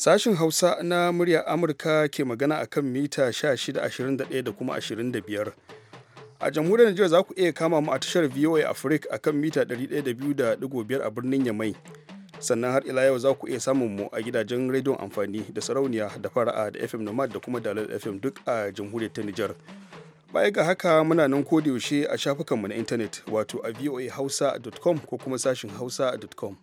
Sashin Hausa na murya Amurka ke magana a kan mita 1621 da kuma 25. A jamhuriyar Najeriya za ku iya kama mu a tashar VOA Africa a kan mita 102.5 a birnin Yamai. Sannan har ila yau za ku iya samun mu a gidajen rediyon amfani da sarauniya da fara'a da FM Nomad da kuma dalar FM duk a jamhuriyar ta Nijar. Baya ga haka muna nan yaushe a shafukanmu na intanet wato a voahausa.com ko kuma sashin hausa.com.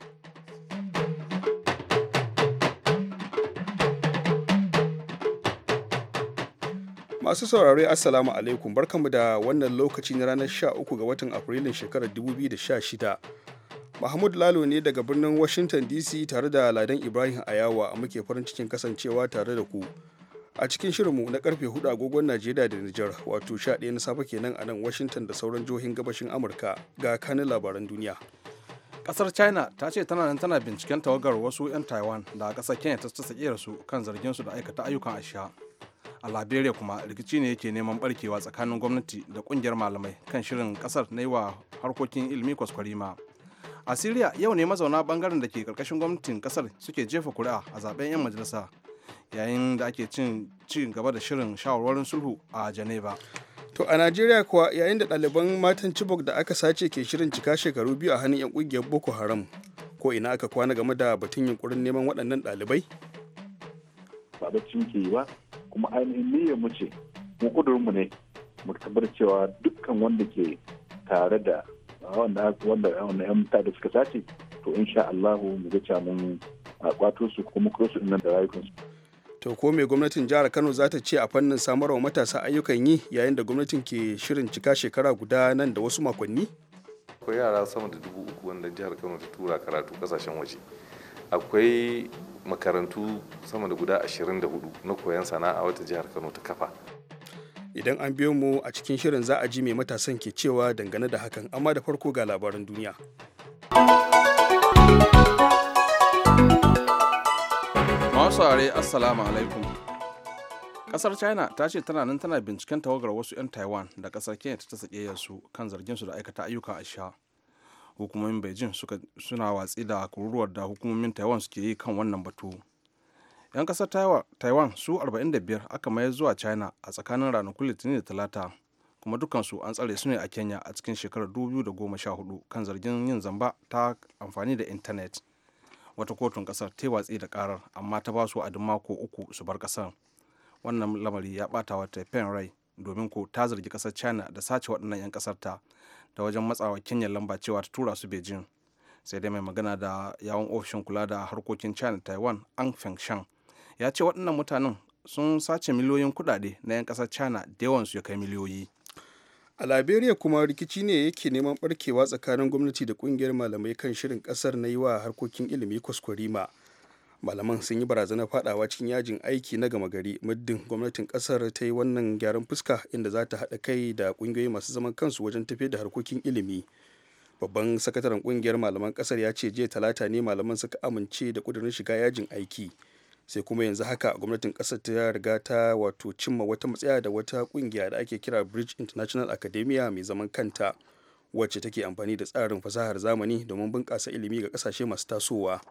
Masu saurare Assalamu alaikum barkanmu da wannan lokaci na ranar 13 ga watan Afrilun shekarar 2016. Mahmud Lalo ne daga birnin Washington DC tare da Ladan Ibrahim Ayawa muke farin cikin kasancewa tare da ku. A cikin shirinmu na karfe 4 agogon Najeriya da Nijar wato 11 na safe kenan a nan Washington da sauran jihohin gabashin Amurka ga kanin labaran duniya. kasar china ta ce tana nan tana binciken tawagar wasu 'yan taiwan da kasar kenya ta saki su kan zargin su da aikata ayyukan asha a liberia kuma rikici ne yake neman barkewa tsakanin gwamnati da kungiyar malamai kan shirin kasar na yi wa harkokin ilimi kwaskwarima a syria yau ne mazauna bangaren da ke karkashin gwamnatin kasar suke jefa kuri'a a zaben yan majalisa yayin da ake cin ci gaba da shirin shawarwarin sulhu a geneva to a najeriya kuwa yayin da ɗaliban matan chibok da aka sace ke shirin cika shekaru biyu a hannun 'yan ƙungiyar boko haram ko ina aka kwana game da batun yunkurin neman waɗannan ɗalibai ba bacci muke yi ba kuma ainihin niyyar mu ce mu mu ne mu tabbatar cewa dukkan wanda ke tare da ah, wanda wanda yan da suka sace to insha Allah mu ga cewa mun kwato ah, su kuma kuro su nan da rayukansu to ko me gwamnatin jihar Kano za ta ce a fannin samarwa matasa ayyukan yi yayin da gwamnatin ke shirin cika shekara guda nan da wasu makonni akwai yara sama da dubu uku wanda jihar Kano ta tura karatu kasashen waje akwai makarantu sama da guda 24 na koyon sana'a wata jihar kano ta kafa idan an biyo mu a cikin shirin za a ji mai matasan ke cewa dangane da hakan amma da farko ga labaran duniya masu are assalamu alaikum kasar china ta ce tana nan tana binciken tawagar wasu 'yan taiwan da kasar kenya ta sake su kan zargin su da aikata ayyukan asha hukumomin beijing suna watsi da kururuwar da hukumomin taiwan suke yi kan wannan batu yan kasar taiwan su 45 aka mayar zuwa china a tsakanin ranakun litinin da talata kuma dukansu an tsare su ne a kenya a cikin shekarar 2014 kan zargin yin zamba ta amfani da intanet wata kotun kasar ta watsi da karar amma ta ba su adin mako uku su bar kasar wannan lamari ya bata wa taifen rai domin ko ta zargi kasar china da sace waɗannan 'yan kasar ta ta wajen matsawa kenya lamba cewa ta tura su beijing sai dai mai magana da yawon ofishin kula da harkokin china taiwan ang shang ya ce waɗannan mutanen sun sace miliyoyin kuɗaɗe na 'yan ƙasar china da yawansu ya kai miliyoyi a liberia kuma rikici ne yake neman barkewa tsakanin gwamnati da ƙungiyar malamai kan shirin kasar na yi wa harkokin ilimi kwaskwarima malaman sun yi barazanar fadawa cikin yajin aiki na gama gari muddin gwamnatin kasar ta yi wannan gyaran fuska inda za ta haɗa kai da ƙungiyoyi masu zaman kansu wajen tafiyar da harkokin ilimi babban sakataren ƙungiyar malaman kasar ya ce jiya talata ne malaman suka amince da ƙudurin shiga yajin aiki sai kuma yanzu haka gwamnatin kasar ta riga ta wato cimma wata matsaya da wata ƙungiya da ake kira bridge international academia mai zaman kanta wacce take amfani da tsarin fasahar zamani domin bunƙasa ilimi ga ƙasashe masu tasowa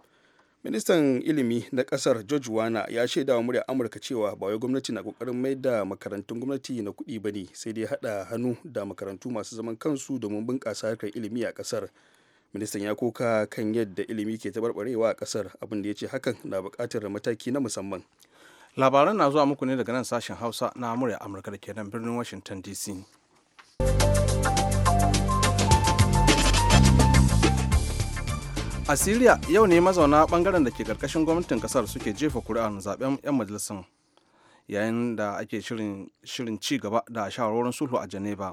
ministan ilimi na kasar george wana ya shaida wa muryar amurka cewa ba wai gwamnati na kokarin mai da makarantun gwamnati na kuɗi ba ne sai dai haɗa hannu da makarantu masu zaman kansu domin bunƙasa harkar ilimi a kasar ministan ya koka kan yadda ilimi ke ta barbarewa a kasar abin da ya ce hakan na buƙatar mataki na musamman labaran na zuwa muku ne daga nan sashen hausa na murya amurka da ke nan birnin washington dc a syria yau ne mazauna bangaren da ke karkashin gwamnatin kasar suke jefa kuri'ar zaben 'yan majalisun yayin da ake shirin, ci gaba da shawarwarin sulhu a geneva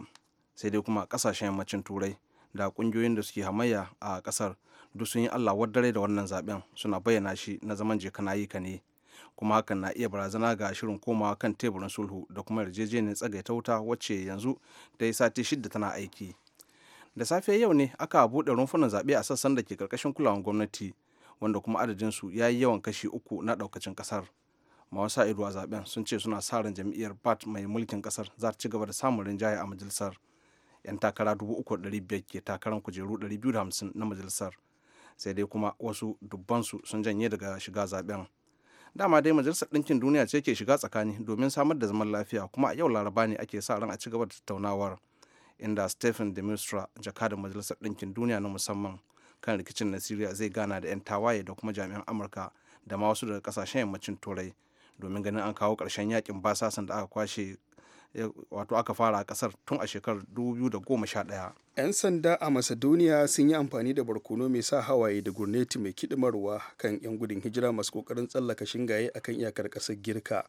sai dai kuma kasashen yammacin turai da kungiyoyin da suke hamayya a kasar duk sun yi allah dare da wannan zaben suna bayyana shi na zaman jeka yi ka ne kuma hakan na iya barazana ga shirin komawa kan teburin sulhu da kuma yarjejeniyar tsagaita wuta wacce yanzu ta yi sati shidda tana aiki da safe yau ne aka buɗe rumfunan zaɓe a sassan da ke karkashin kulawan gwamnati wanda kuma adadinsu ya yi yawan kashi uku na ɗaukacin ƙasar mawasa ido a zaben sun ce suna sa ran jam'iyyar bat mai mulkin ƙasar za ta ci gaba da samun rinjaye a majalisar 'yan takara dubu uku biyar ke takarar kujeru biyu da hamsin na majalisar sai dai kuma wasu dubbansu sun janye daga shiga zaben dama dai majalisar ɗinkin duniya ce ke shiga tsakani domin samar da zaman lafiya kuma a yau laraba ne ake sa ran a ci gaba da tattaunawar inda stephen de mistra jakadan majalisar ɗinkin duniya na musamman kan rikicin na syria zai gana da 'yan tawaye da kuma jami'an amurka da ma wasu daga kasashen yammacin turai domin ganin an kawo ƙarshen yakin basasan da aka kwashe wato aka fara a kasar tun a shekarar 2011 'yan sanda a macedonia sun yi amfani da barkono mai sa hawaye da gurneti mai kidimarwa kan 'yan gudun hijira masu kokarin tsallaka shingaye akan iyakar kasar girka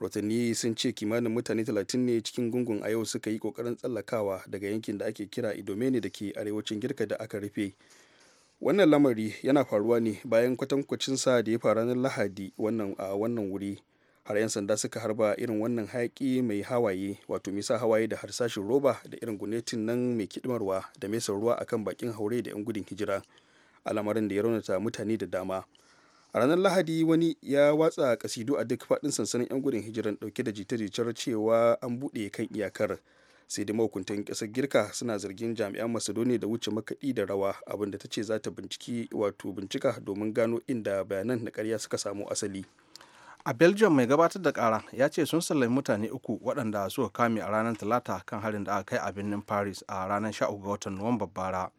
rotanni sun ce kimanin mutane 30 ne cikin gungun a yau suka yi kokarin tsallakawa daga yankin da ake kira idomeni da ke arewacin girka da aka rufe wannan lamari yana faruwa ne bayan kwatankwacinsa da ya faru ranar lahadi a wannan wuri har 'yan sanda suka harba irin wannan hayaki mai hawaye wato misa hawaye da harsashin roba da irin gunetin nan mai kidimarwa da mesa ruwa akan bakin haure da 'yan gudun hijira al'amarin da ya raunata mutane da dama a ranar lahadi wani ya watsa kasidu a duk faɗin sansanin 'yan gudun hijiran ɗauke da jita-jitar cewa an buɗe kan iyakar sai dai mahukuntan ƙasar girka suna zargin jami'an macedonia da wuce makaɗi da rawa abinda ta ce za ta binciki wato bincika domin gano inda bayanan na karya suka samu asali a belgium mai gabatar da kara ya ce sun sallami mutane uku waɗanda suka kame a ranar talata kan harin da aka kai a birnin paris a ranar 13 ga watan nuwamba bara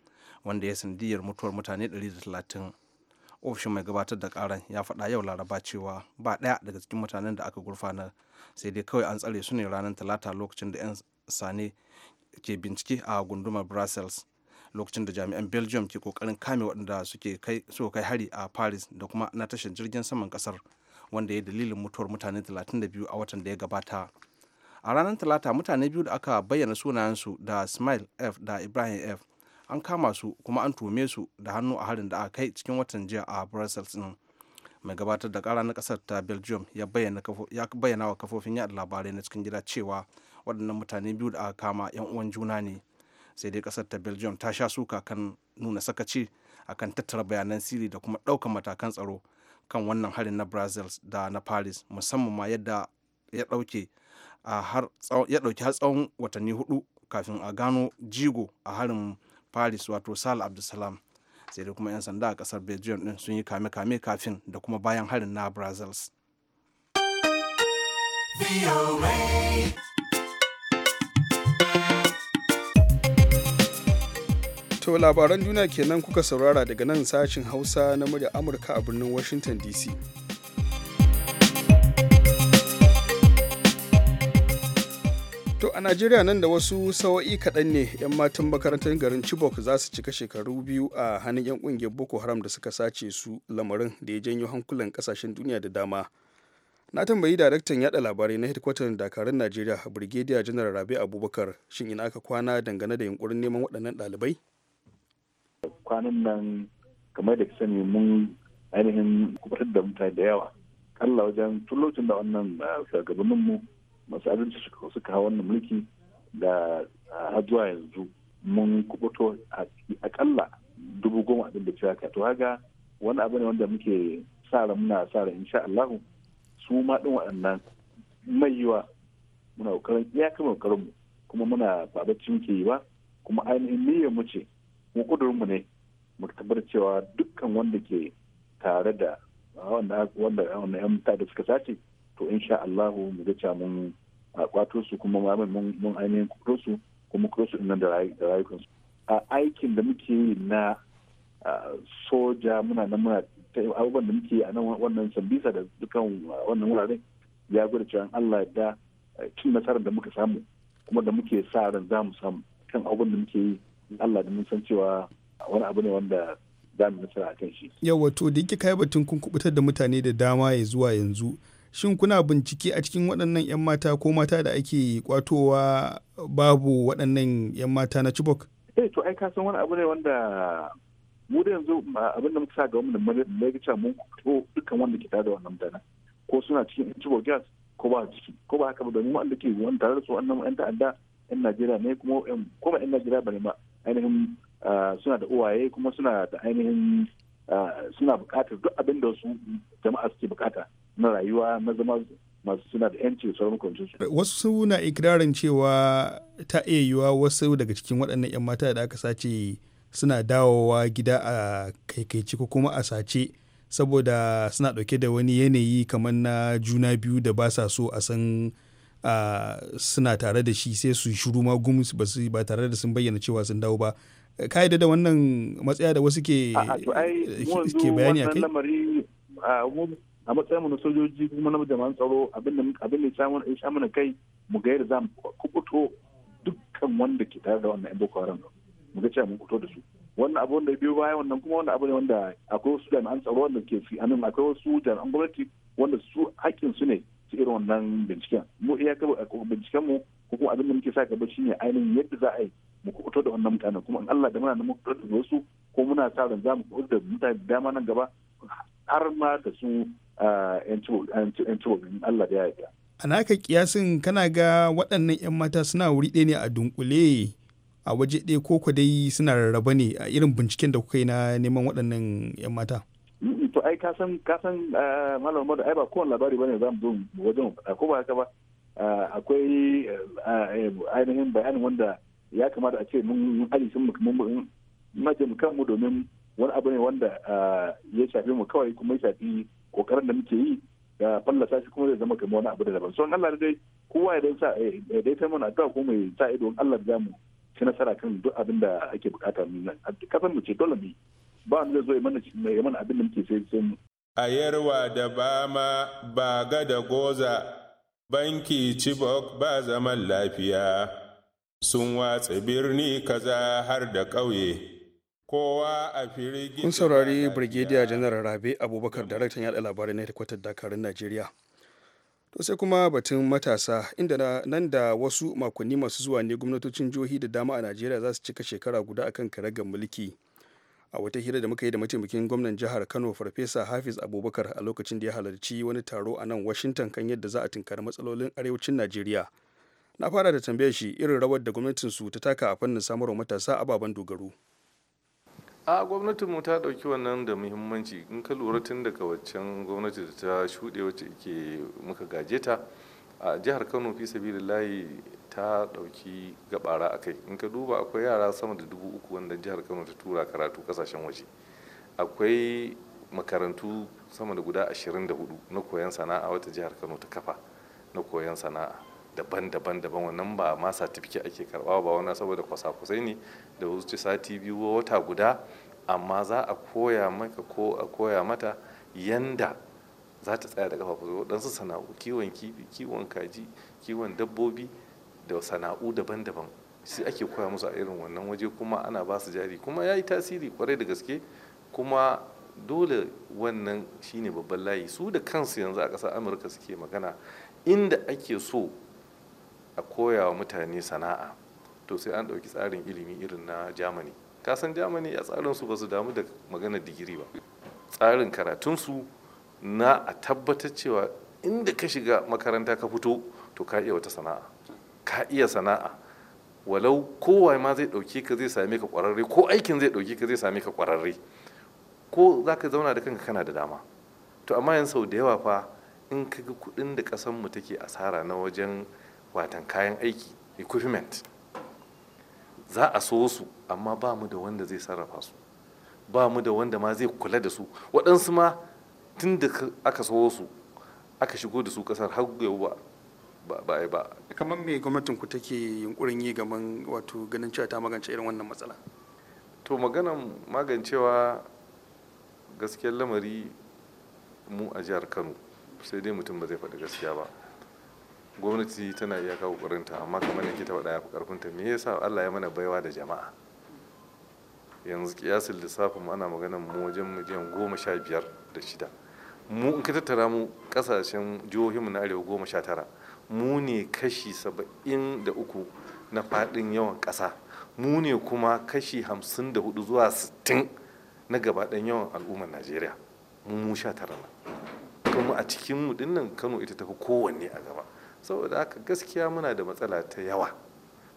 wanda ya sanadiyar mutuwar mutane 130 ofishin mai gabatar da karan ya faɗa yau laraba cewa ba ɗaya daga cikin mutanen da aka gurfanar sai dai kawai an tsare su ne ranar talata lokacin da 'yan sane ke bincike a gundumar brussels lokacin da jami'an belgium ke kokarin kame waɗanda suke kai hari a paris da kuma na tashar jirgin saman kasar wanda ya dalilin mutuwar mutane 32 a watan da ya gabata a ranar talata mutane biyu da aka bayyana sunayensu da smile f da ibrahim f an kama su kuma an tume su da hannu a harin da aka kai cikin watan jiya a brussels din mai gabatar da kara na kasar ta belgium ya bayyana wa kafofin yada labarai na cikin gida cewa waɗannan mutane biyu da aka kama 'yan uwan juna ne sai dai kasar ta belgium ta sha suka kan nuna sakaci akan tattara bayanan sirri da kuma ɗaukar matakan tsaro kan wannan harin na brazil da na paris musamman ma yadda ya ɗauke har tsawon watanni hudu kafin a gano jigo a harin paris wato sal abdulsalam sai da kuma 'yan sanda a kasar belgium din sun yi kame-kame kafin da kuma bayan harin na brazils To labaran duniya kenan kuka saurara daga nan sashin Hausa na murya Amurka a birnin Washington DC. To a Najeriya nan da wasu sawa'i kaɗan ne 'yan matan makarantar garin Chibok za su cika shekaru biyu a hannun 'yan ƙungiyar Boko Haram da suka sace su lamarin da ya janyo hankulan ƙasashen duniya da dama. Na tambayi daraktan yaɗa labarai na hedkwatan dakarun Najeriya birgediya General Rabi Abubakar shin ina aka kwana dangane da yunkurin neman waɗannan ɗalibai? Kwanan nan kamar da sani mun ainihin kubutar da mutane da yawa. Allah wajen tun da wannan ah, shugabanninmu masu abinci suka hau wannan mulki da har zuwa yanzu mun kubuto akalla dubu goma abin da cewa to haka wani abu ne wanda muke sa muna sa insha Allah su ma din waɗannan mai yiwa muna kokarin kama kokarin mu kuma muna ba muke yi ba kuma ainihin niyyar mu ce mu kudurin mu ne mu tabbatar cewa dukkan wanda ke tare da wanda wanda yan mutane da suka sace to sha Allahu mu ga mun kwato su kuma mun ainihin kuro su kuma kuro su nan da rayukansu. a aikin da muke yi na soja muna nan muna abubuwan da muke yi a nan wannan sambisa da dukan wannan wuraren ya gwada cewa Allah da cin nasarar da muka samu kuma da muke sa ran za mu samu kan abubuwan da muke yi Allah da mun san cewa wani abu ne wanda za mu nasara a kan shi. Yawwa to da yake kai batun kun kubutar da mutane da dama ya zuwa yanzu shin kuna bincike a cikin waɗannan 'yan mata ko mata da ake kwatowa babu waɗannan 'yan mata na chibok eh to ai kasan wani abu ne wanda mu da yanzu abin da muka sa ga wannan magica mun ko dukkan wanda ke tare da wannan mutanen ko suna cikin chibok gas ko ba ciki ko ba haka ba domin wanda ke wani tare da su wannan 'yan ta'adda 'yan najeriya ne kuma 'yan kuma 'yan najeriya bane ma ainihin suna da uwaye kuma suna da ainihin suna bukatar duk abin da su jama'a suke bukata na rayuwa na zama masu suna da yanci da sauran kwanciyarsu. Wasu na ikirarin cewa ta iya yiwuwa wasu daga cikin waɗannan 'yan mata da aka sace suna dawowa gida a kaikaici ko kuma a sace saboda suna ɗauke da wani yanayi kamar na juna biyu da ba sa so a san suna tare da shi sai su shuru ma gumus ba tare da sun bayyana cewa sun dawo ba ka da wannan matsaya da wasu ke bayani a kai a matsayin mu na sojoji kuma na jama'an tsaro abin da abin da ya sha mana kai mu ga yadda za mu kubuto dukkan wanda ke tare da wannan yan boko haram mu ga cewa mun kubuto da su wannan abu wanda biyo baya wannan kuma wannan abu ne wanda akwai wasu jami'an tsaro wanda ke fi anan akwai wasu jami'an gwamnati wanda su hakkin su ne su irin wannan binciken mu iya iyakar binciken mu ko kuma abin da muke sa gaba shine ainihin yadda za a yi mu kubuto da wannan mutanen kuma in Allah da muna nan mu kubuto da wasu ko muna sa ran za mu kubuto da mutane da dama nan gaba har ma da su Eh, 'yan ciwo Allah da ya A naka kiyasin kana ga waɗannan 'yan mata suna wuri ɗaya ne a dunkule a waje ɗaya ko ku dai suna rarraba ne a irin binciken da kuka yi na neman waɗannan 'yan mata. To ai ka san ka san eh, malam ai ba kowane labari bane za mu zo wajen ko ba haka ba eh, akwai ainihin bayanin wanda ya kamata a ce mun ali sun mun kanmu domin wani abu ne wanda ya shafi mu kawai kuma ya shafi kokarin da muke yi da fallasa shi kuma zai zama kamar wani abu da daban son Allah dai kowa ya dai sa eh, ya dai ta mana addu'a kuma ya sa ido Allah ya mu ci nasara kan duk abin da ake bukata mu mu ce dole ne ba wanda zai zo ya mana mai mana abin da muke sai sai mu a yarwa da bama baga da goza banki cibok ba zaman lafiya sun watsa birni kaza har da ƙauye kowa a kun saurari brigadier general rabe abubakar daraktan yada labarai na kwatar dakarun najeriya to sai kuma batun matasa inda nan da wasu makonni masu zuwa ne gwamnatocin jihohi da dama a najeriya za su cika shekara guda akan karagar mulki a wata hira da muka yi da mataimakin gwamnan jihar kano farfesa hafiz abubakar a lokacin da ya halarci wani taro a nan washington kan yadda za a tunkari matsalolin arewacin najeriya na fara da tambayar shi irin rawar da gwamnatin su ta taka a fannin samarwa matasa ababen dogaro a gwamnatin mu ta ɗauki wannan da muhimmanci in ka lura tun daga waccan gwamnati da ta shuɗe wacce ke muka gaje ta a jihar kano fi sabilillahi ta ɗauki gabara a kai in ka duba akwai yara sama da dubu uku wanda jihar kano ta tura karatu kasashen waje akwai makarantu sama da guda ashirin da hudu na koyon sana'a wata jihar kano ta kafa na koyon sana'a daban-daban daban wannan ba ma satifiki ake karba ba wannan saboda kwasa-kwasai ne da wuce sati biyu wata guda amma za a koya maka ko a koya mata yanda za ta tsaya da kafafu waɗansu sana'u kiwon kifi kiwon kaji kiwon dabbobi da sana'u daban-daban sai ake koya musu a irin wannan waje kuma ana ba su jari kuma ya yi tasiri kwarai da gaske kuma dole wannan shine babban layi su da kansu yanzu a ƙasar amurka suke magana inda ake so a koya wa mutane sana'a to sai an ɗauki tsarin ilimi irin na germany kasan germany a tsarinsu ba su damu da maganar digiri ba tsarin karatun su na a tabbatar cewa inda ka shiga makaranta ka fito to ka iya wata sana'a ka iya sana'a walau kowa ma zai ɗauke ka zai same ka ƙwararre ko aikin zai ɗauke ka zai same ka kwararre ko za ka zauna da kanka kana da dama to amma yanzu sau da yawa fa in ka ga kuɗin da ƙasanmu take asara na wajen watan kayan aiki equipment za a so su amma ba mu da wanda zai sarrafa su ba mu da wanda ma zai kula da su waɗansu ma tun da aka so su aka shigo da su ƙasar har yau ba ba a ba kamar me gwamnatin ku take yunkurin yi gaman wato ganin cewa ta magance irin wannan matsala to maganan magancewa gaskiyar lamari mu a jihar kano sai dai mutum ba zai faɗi gaskiya ba gwamnati tana iya kawo ƙurinta amma kamar yake ta faɗa ya fi ƙarfinta me yasa Allah ya mana baiwa da jama'a yanzu kiyasin lissafin mu ana maganar mu wajen miliyan goma sha biyar da shida mu in ka tattara mu ƙasashen jihohinmu na arewa goma sha tara mu ne kashi saba'in da uku na faɗin yawan ƙasa mu ne kuma kashi hamsin da hudu zuwa sittin na gabaɗan yawan al'ummar najeriya mu mu sha tara kuma a cikin mu dinnan kano ita tafi kowanne a gaba saboda haka gaskiya muna da matsala ta yawa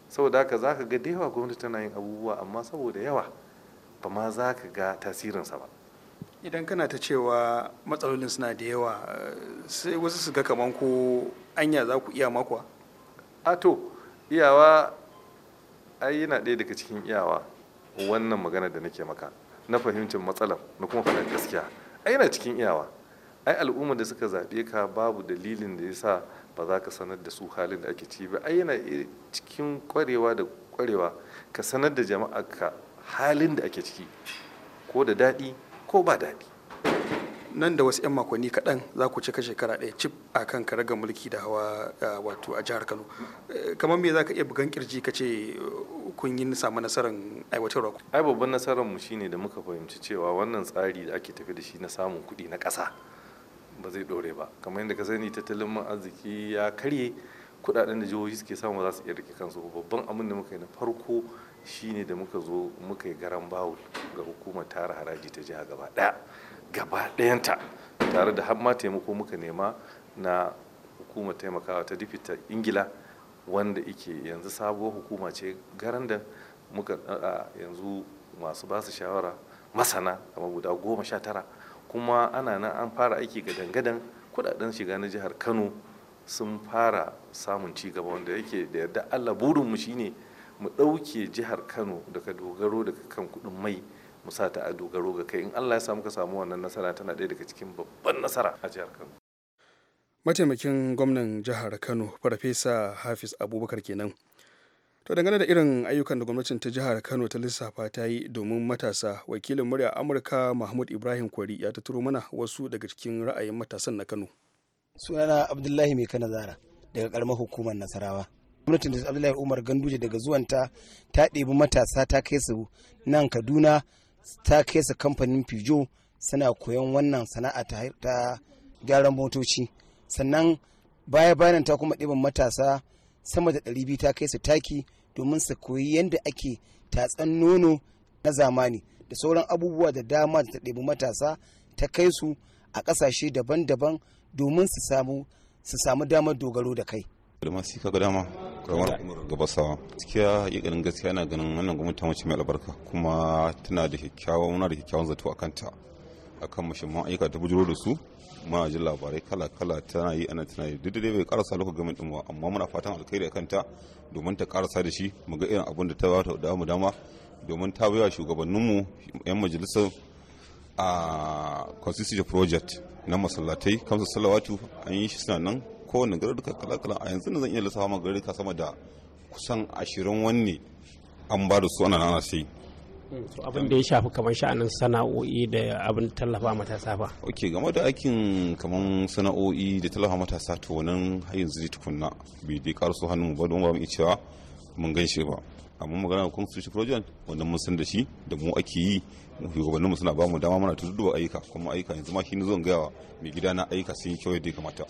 saboda haka za ka ga da yawa gwamnati tana yin abubuwa amma saboda yawa ba ma za ka ga tasirinsa ba idan kana ta cewa matsalolin suna da yawa eh, sai wasu su ga kaman ko anya za ku iya makwa a to iyawa ai yana ɗaya daga cikin iyawa wannan magana da nake maka na fahimcin matsalar na kuma faɗa gaskiya ai yana cikin iyawa ai al'ummar da suka zaɓe ka babu dalilin da ya sa ba za ka sanar da su halin da ake ciki ba ai yana cikin kwarewa da kwarewa ka sanar da jama'a ka halin da ake ciki ko da daɗi ko ba daɗi nan da wasu 'yan makonni kaɗan za ku cika shekara ɗaya cif a kan karagar mulki da hawa eh, wato a jihar kano eh, kamar me za ka iya bugan kirji ka ce eh, kun yi samu nasarar aiwatarwa ai babban nasarar mu shine da muka fahimci cewa wannan tsari da ake tafi da shi na samun kuɗi na ƙasa ba zai dore ba kamar yadda ka sani tattalin man arziki ya karye kudaden da jihohi suke samu za su iya rike kansu babban abin da muka yi na farko shine da muka zo muka yi garan bawul ga hukumar tara haraji ta jiha gaba daya gaba dayanta tare da har ma taimako muka nema na hukumar taimakawa ta difita ingila wanda ike yanzu sabuwar hukuma ce garan da muka yanzu masu ba su shawara masana kamar guda goma sha tara kuma ana nan an fara aiki ga dangadan kudaden shiga na jihar kano sun fara samun ci gaba wanda yake da yadda allah burinmu shine mu ɗauke jihar kano daga dogaro daga kan kuɗin mai mu sa ta a dogaro ga kai in allah ya samu ka samu wannan nasara tana ɗaya daga cikin babban nasara a jihar kano mataimakin gwamnan jihar kano farfesa hafiz abubakar kenan to dangane da irin ayyukan da gwamnatin ta jihar kano ta lissafa ta yi domin matasa wakilin murya amurka mahmud ibrahim kwari ya ta turo mana wasu daga cikin ra'ayin matasan na kano sunana abdullahi mai kana zara daga karamar hukumar nasarawa gwamnatin da abdullahi umar ganduje daga zuwanta ta ɗebi matasa ta kai su nan kaduna ta kai su kamfanin fijo suna koyon wannan sana'a ta gyaran motoci sannan baya bayan ta kuma ɗiban matasa sama da ɗari biyu ta kai su taki domin su koyi yadda ake tatsan nono na zamani da sauran abubuwa da dama da ta ɗebi matasa ta kai su a ƙasashe daban-daban domin su samu su samu damar dogaro da kai. Dama sai kaga dama kamar kuma gabasawa. Gaskiya ganin gaskiya na ganin wannan gwamnati wacce mai albarka kuma tana da kyakkyawan muna da kyakkyawan zato a kanta akan mashin ayyuka ta bujiro da su muna jin labarai kala-kala tana yi ana tana yi duk da dai bai karasa lokacin gamin din ba amma muna fatan alkhairi a ta domin ta karasa da shi mu ga irin abin da ta ba ta mu dama domin ta baiwa shugabanninmu yan majalisar a constitution project na masallatai kamsa salawatu an yi shi suna nan kowane garuruka kala-kala a yanzu zan iya lissafa ma garuruka sama da kusan ashirin wanne an ba da su ana nana sai Mm, so abin da ya shafi kamar sha'anin sana'o'i da abin tallafa matasa ba ok game da aikin kamar sana'o'i da tallafa matasa to nan har yanzu ne tukunna bai dai karaso hannun ba don ba mu cewa mun gan shi ba amma magana da su shi project wanda mun san da shi da mu ake yi shugabanninmu suna ba mu dama mana tudduba ayyuka kuma ayyuka yanzu ma shi ne zan gaya wa mai gida na ayyuka sun yi kyau yadda ya kamata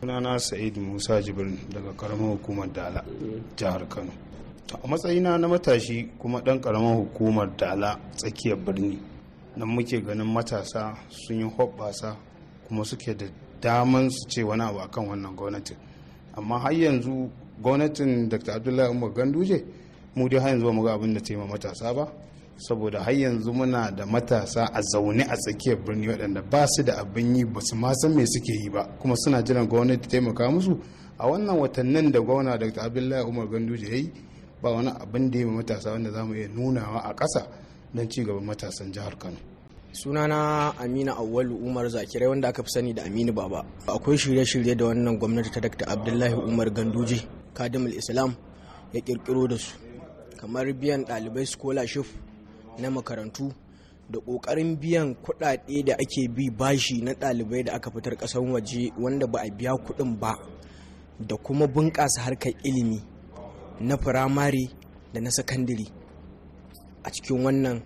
sunana sa'id musa jibril daga karamar hukumar dala mm. jihar kano a matsayina na matashi kuma ɗan ƙaramin hukumar dala tsakiyar birni nan muke ganin matasa sun yi hoɓɓasa kuma suke da daman su ce wani abu akan wannan gwamnati amma har yanzu gwamnatin dr abdullahi umar ganduje mu dai har yanzu ba mu ga abin da ta yi matasa ba saboda har yanzu muna da matasa a zaune a tsakiyar birni waɗanda ba su da abin yi ba su ma san me suke yi ba kuma suna jiran gwamnati taimaka musu a wannan watannin da gwamna dr abdullahi umar ganduje ya yi ba wani abin da ya matasa wanda za mu iya nunawa a ƙasa don ci gaban matasan jihar kano sunana amina awwal umar zakirai wanda aka fi sani da aminu baba akwai shirye-shirye da wannan gwamnati ta dakta abdullahi umar ganduje kadimul islam ya kirkiro da su kamar biyan ɗalibai scholarship na makarantu da ƙoƙarin biyan kuɗaɗe da ake bi bashi na ɗalibai da aka fitar ƙasan waje wanda ba a biya kuɗin ba da kuma bunƙasa harkar ilimi na firamare da na sakandare a cikin wannan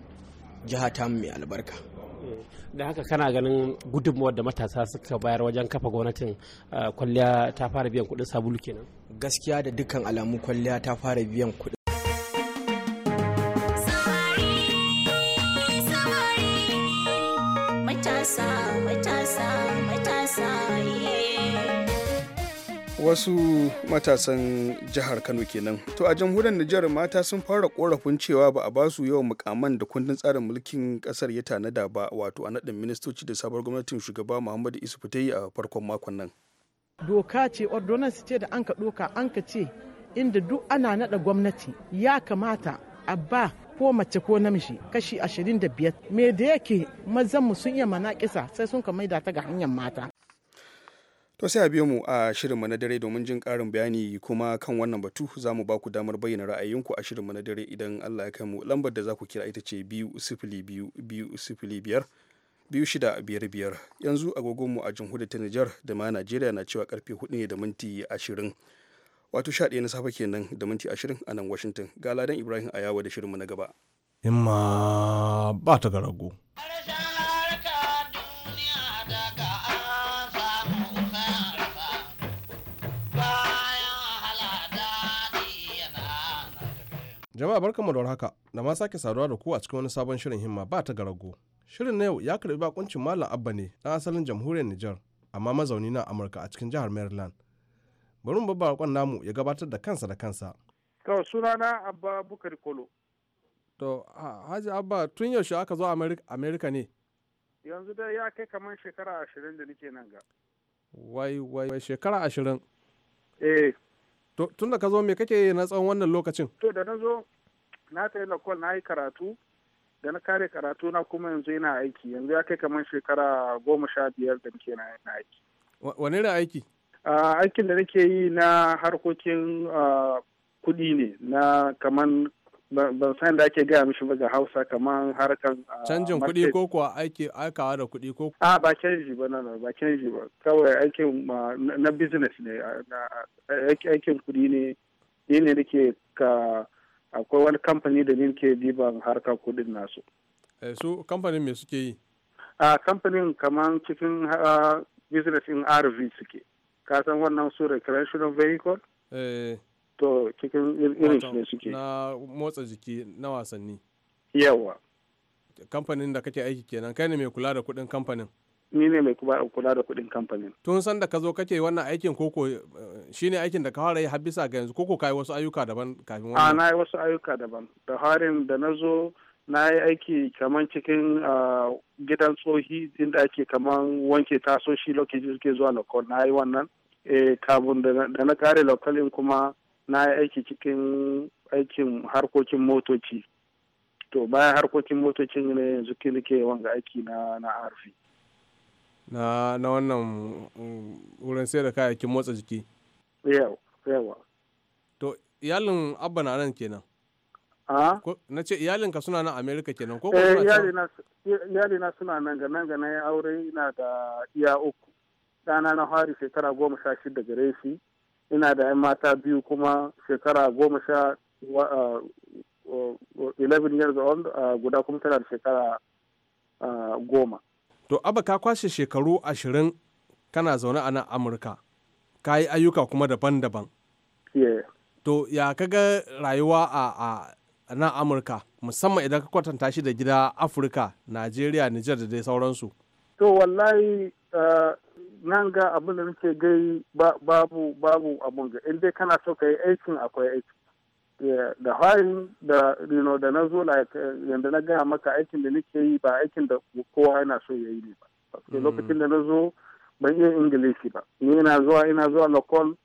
jiha ta mai albarka eh, da haka kana ganin gudunmawar da matasa suka bayar wajen kafa gwamnatin eh, kwalliya ta fara biyan kudin sabulu kenan gaskiya da dukkan alamu kwalliya ta fara biyan kudin wasu matasan jihar Kano kenan. To a jamhuriyar Nijar mata sun fara korafin cewa ba a ba su yawan mukaman da kundin tsarin mulkin kasar ya tanada ba wato a naɗin ministoci da sabuwar gwamnatin shugaba Muhammadu isu ta yi a farkon makon nan. Doka ce ordonance ce da an ka doka an ka ce inda duk ana naɗa gwamnati ya kamata a ba ko mace ko namiji kashi ashirin da biyar. me da yake mazanmu sun iya manakisa sai sun ka maida ta ga hanyar mata To sai a biyo mu a shirin na dare domin jin karin bayani kuma kan wannan batu za mu ba ku damar bayyana ra'ayinku a shirinmu na dare idan Allah ya kai mu lambar da za ku kira ita ce biyu sifili biyu biyu sifili biyar biyu shida biyar biyar yanzu agogonmu a jamhuriyar ta Nijar da ma Najeriya na cewa karfe hudu ne da minti ashirin wato sha ɗaya na safe kenan da minti ashirin a nan Washington ga Ladan Ibrahim Ayawa da shirinmu na gaba. Imma ba ta garago. Jama'a barkanmu da haka da ma sake saduwa da ku a cikin wani sabon shirin himma ba ta garago. Shirin na yau ya karbi bakuncin Malam Abba ne ɗan asalin jamhuriyar Nijar amma mazauni na Amurka a cikin jihar Maryland. Bari mu babba namu ya gabatar da kansa da kansa. To na Abba Bukari Kolo. To Haji Abba tun yaushe aka zo Amerika ne? Yanzu dai ya kai kamar shekara ashirin da nake nan ga. Wai wai shekara ashirin. Eh. tun da ka zo me kake na tsawon wannan lokacin? To da na zo na tayi lakwal na yi karatu da na kare karatu na kuma yanzu yana aiki yanzu ya kai kamar shekara goma sha biyar da muke na aiki. Wani irin aiki? Aikin da nake yi na harkokin kuɗi ne na kamar ban san da ake gaya mishi ba ga hausa kamar harkan ah, canjin kuɗi ko kuwa aiki aikawa da kuɗi ko a ah, ba canji ba nan ba canji ba kawai aikin na business ne ah, aikin kuɗi ne ni ne nake ka akwai wani kamfani da ni ke diban harkar kuɗin nasu eh, su kamfanin me suke yi a kamfanin kamar cikin business in rv suke ka san wannan su recreational vehicle eh to cikin irin shi ne suke na motsa jiki na wasanni yawa kamfanin da kake aiki kenan kai ne mai kula da kuɗin kamfanin ni ne mai kula da kudin kamfanin tun san da ka zo kake wannan aikin koko eh, shi ne aikin da ka fara yi har bisa ga yanzu koko ka yi wasu ayyuka daban kafin wannan a na yi wasu ayyuka daban da harin da na zo na yi aiki kaman cikin ah, gidan tsohi inda ake kaman wanke tasoshi lokacin suke zuwa lokal na yi wannan eh, kafin da na kare lokalin kuma na yi aiki cikin aikin harkokin motoci to bayan harkokin motocin ne yanzu ke nike wanga aiki na na harfi na na wannan mm, wurin sai da kayayyakin motsa jiki yawa yawa to iyalin abba na nan kenan na ce ka suna nan amerika kenan ko kuma eh, na suna nan ga nan ga nan aure ina da iya uku ɗana na fari shekara goma sha shida gare shi ina da 'yan mata biyu kuma shekara goma sha eleven years old guda kuma tana da shekara goma. To abu ka kwashe shekaru ashirin kana zaune a nan Amurka, ka yi ayyuka kuma daban-daban. To ya kaga rayuwa a nan Amurka musamman idan ka kwatanta shi da gida Afirka, Najeriya, Nijar da dai sauransu. To wallahi nan ga abin da nake gai babu babu abun ga in dai kana so ka yi aikin akwai aiki da harin da rino da na zo eh, yadda na gaya maka aikin da nake yi ba aikin da kowa yana so ya yi ne ba mm. lokacin da na zo ban iya ingilishi ba ni ina zuwa ina zuwa lokal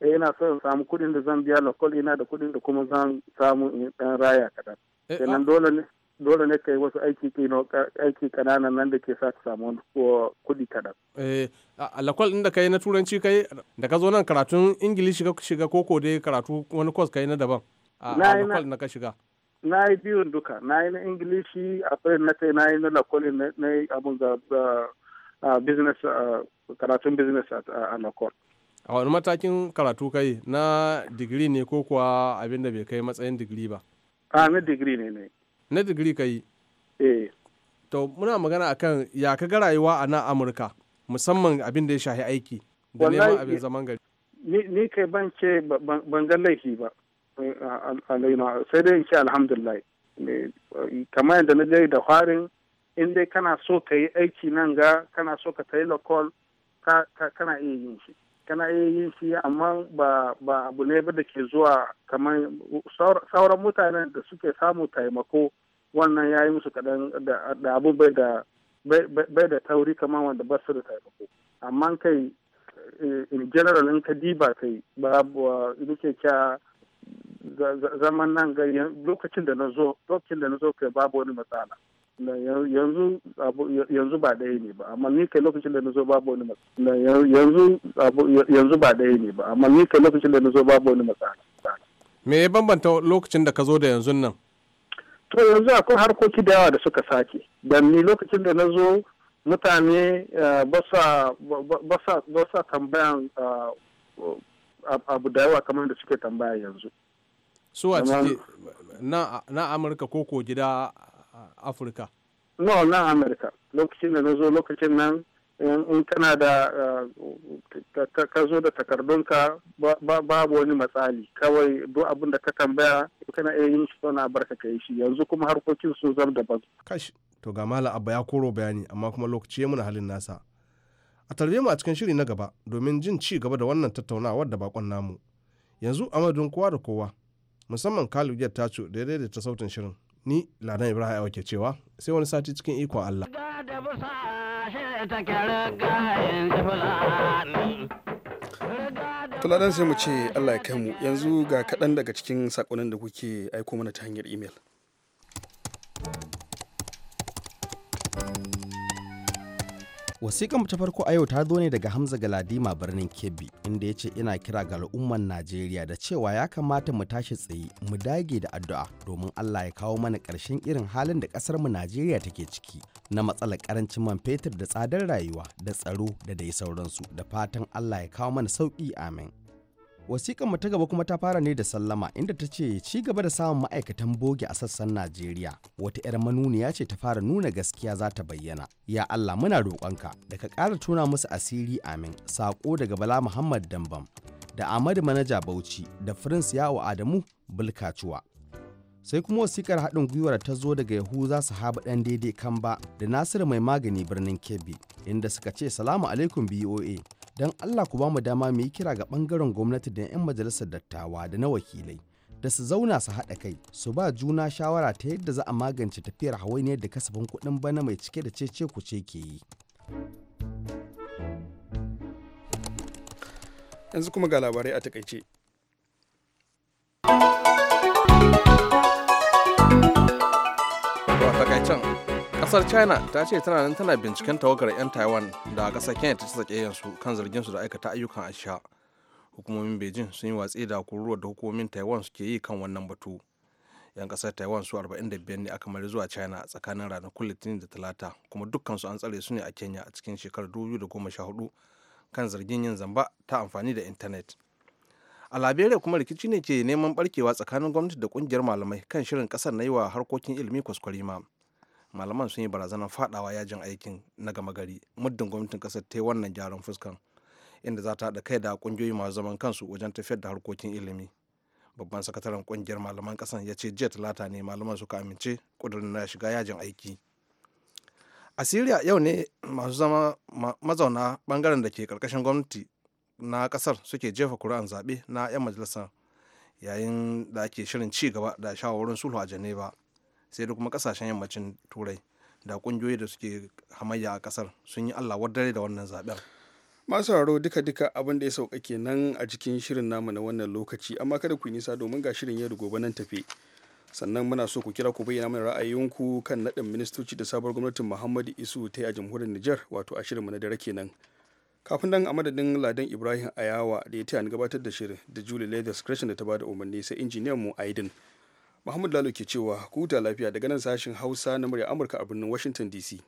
eh ina son samu kuɗin da zan biya lokal ina da kuɗin da kuma zan samu in dan raya kaɗan eh, kenan ah. dole ne dole ne ka yi wasu aiki kananan nan da ke sa ka samu kuɗi kaɗan. Eh, alakwal inda ka yi na turanci ka yi da ka zo nan karatun ingilishi ka shiga koko dai karatu wani kwas ka yi na daban a alakwal na ka shiga. Na yi biyun duka, na yi na ingilishi a akwai na kai na yi na lakwal na yi abun ga business karatun business a lakwal. A wani matakin karatu ka yi na digiri ne ko kuwa abin da bai kai matsayin digiri ba? A na digiri ne ne. na digiri ka yi eh. to muna magana akan ya ka ga rayuwa a nan amurka musamman abin da ya shahi aiki da neman abin zaman gari ni kai ban ce ban ga laifi ba sai dai in ce alhamdulillah kamar yadda na je da farin in dai kana so ka yi aiki nan ga kana so ka tayi lakol kana iya yin shi kana iya yin shi amma ba ba abu ne ba da ke zuwa kamar sauran mutanen da suke samu taimako wannan ya yi musu kaɗan da abu bai da bai da tauri kamar wanda ba su da taimako amma kai eh, in general in ka diba kai babu nake kya zaman nan ga lokacin da na zo lokacin da na zo kai babu wani matsala yanzu ba ɗaya ne ba amma ni kai lokacin da na zo babu wani matsala yanzu yanzu ba ɗaya ne ba amma ni kai lokacin da na zo babu wani matsala me ya bambanta lokacin da ka zo da yanzu nan to yanzu akwai harkoki da yawa da suka sake dan ni lokacin da na zo mutane eh, ba sa tambayan eh, abu da yawa kamar da suke tambaya yanzu su a ciki na amurka ko ko gida afirka no na amerika lokacin da na zo lokacin nan in kana da eh, ka zo da takardunka babu wani matsali kawai duk abin da ka tambaya kana iya yin shi na barka ka yi shi yanzu kuma harkokin sun zama daban kash to ga mala abba ya koro bayani amma kuma lokaci ya muna halin nasa a tarbe mu a cikin shiri na gaba domin jin ci gaba da wannan tattaunawa da bakon namu yanzu amadun kowa da kowa musamman kalu ta daidai da ya daidaita sautin shirin ni ladan ibrahim ke cewa sai wani sati cikin ikon allah tuladan sai mu ce allah ya kai mu yanzu ga kaɗan daga cikin saƙonin da kuke aiko mana ta hanyar imel wasiƙan ta farko a yau ta zo ne daga Hamza Galadima birnin Kebbi inda ya ce ina kira ga al'ummar Najeriya da cewa ya kamata mu tashi tsaye mu dage da addu'a domin Allah ya kawo mana ƙarshen irin halin da ƙasar mu Najeriya take ciki na matsalar ƙarancin man fetur da tsadar rayuwa da tsaro da dai sauransu da fatan Allah ya kawo mana sauƙi amin. mu ta gaba kuma ta fara ne da sallama inda ta ce ci gaba da samun ma'aikatan boge a sassan najeriya wata 'yar manuniya ce ta fara nuna gaskiya za ta bayyana ya allah muna roƙonka da ka ƙara tuna musu asiri amin saƙo daga bala muhammad dambam da ahmadu manaja bauchi da prince wa adamu bulkacuwa sai kuma wasikar haɗin gwiwar ta zo daga yahuza sahaba ɗan daidai kamba da nasiru mai magani birnin kebbi inda suka ce salamu alaikum boa don Allah ku ba mu dama mu yi kira ga ɓangaren gwamnati da 'yan majalisar dattawa da na wakilai da su zauna su haɗa kai su ba juna shawara ta yadda za a magance tafiyar hawainiyar da kasafin kuɗin bana mai cike da cece ku ce ke yi. Yanzu kuma ga labarai a takaice. kasar china ta ce tana nan tana binciken tawagar 'yan taiwan da kasar kenya ta sake su kan zargin su da aikata ayyukan asha hukumomin beijing sun yi watsi da kururwa da hukumomin taiwan suke yi kan wannan batu 'yan kasar taiwan su 45 ne aka mari zuwa china tsakanin ranakun litinin da talata kuma dukkansu an tsare su ne a kenya a cikin shekarar 2014 kan zargin yin zamba ta amfani da intanet a liberia kuma rikici ne ke neman barkewa tsakanin gwamnati da kungiyar malamai kan shirin kasar na yi wa harkokin ilimi kwaskwarima. ma malaman sun yi barazanar fadawa yajin aikin na gama gari muddin gwamnatin kasar ta yi wannan gyaran fuskan inda za ta haɗa kai da ƙungiyoyi masu zaman kansu wajen tafiyar da harkokin ilimi babban sakataren ƙungiyar malaman ƙasan ya ce jiya talata ne malaman suka amince ƙudurin na shiga yajin aiki a siriya yau ne masu zama mazauna ɓangaren da ke ƙarƙashin gwamnati na ƙasar suke jefa kuri'an zaɓe na 'yan majalisar yayin da ake shirin ci gaba da shawarwarin sulhu a geneva sai da kuma kasashen yammacin turai da kungiyoyi da suke hamayya a kasar sun yi allah wardare da wannan zaben masu haro duka-duka abin da ya sauka kenan a cikin shirin namu na wannan lokaci amma kada ku nisa domin ga shirin yadda da gobe nan tafe sannan muna so ku kira ku bayyana mana ra'ayinku kan naɗin ministoci da sabuwar gwamnatin muhammadu isu ta a jamhuriyar nijar wato a shirin na dare kenan kafin nan a madadin ladan ibrahim ayawa da ya taya ni gabatar da shirin da julie leathers da ta bada umarni sai injiniyan mu aidin Muhammadu Lalo ke cewa ku lafiya daga nan sashen Hausa na murya Amurka a birnin Washington DC.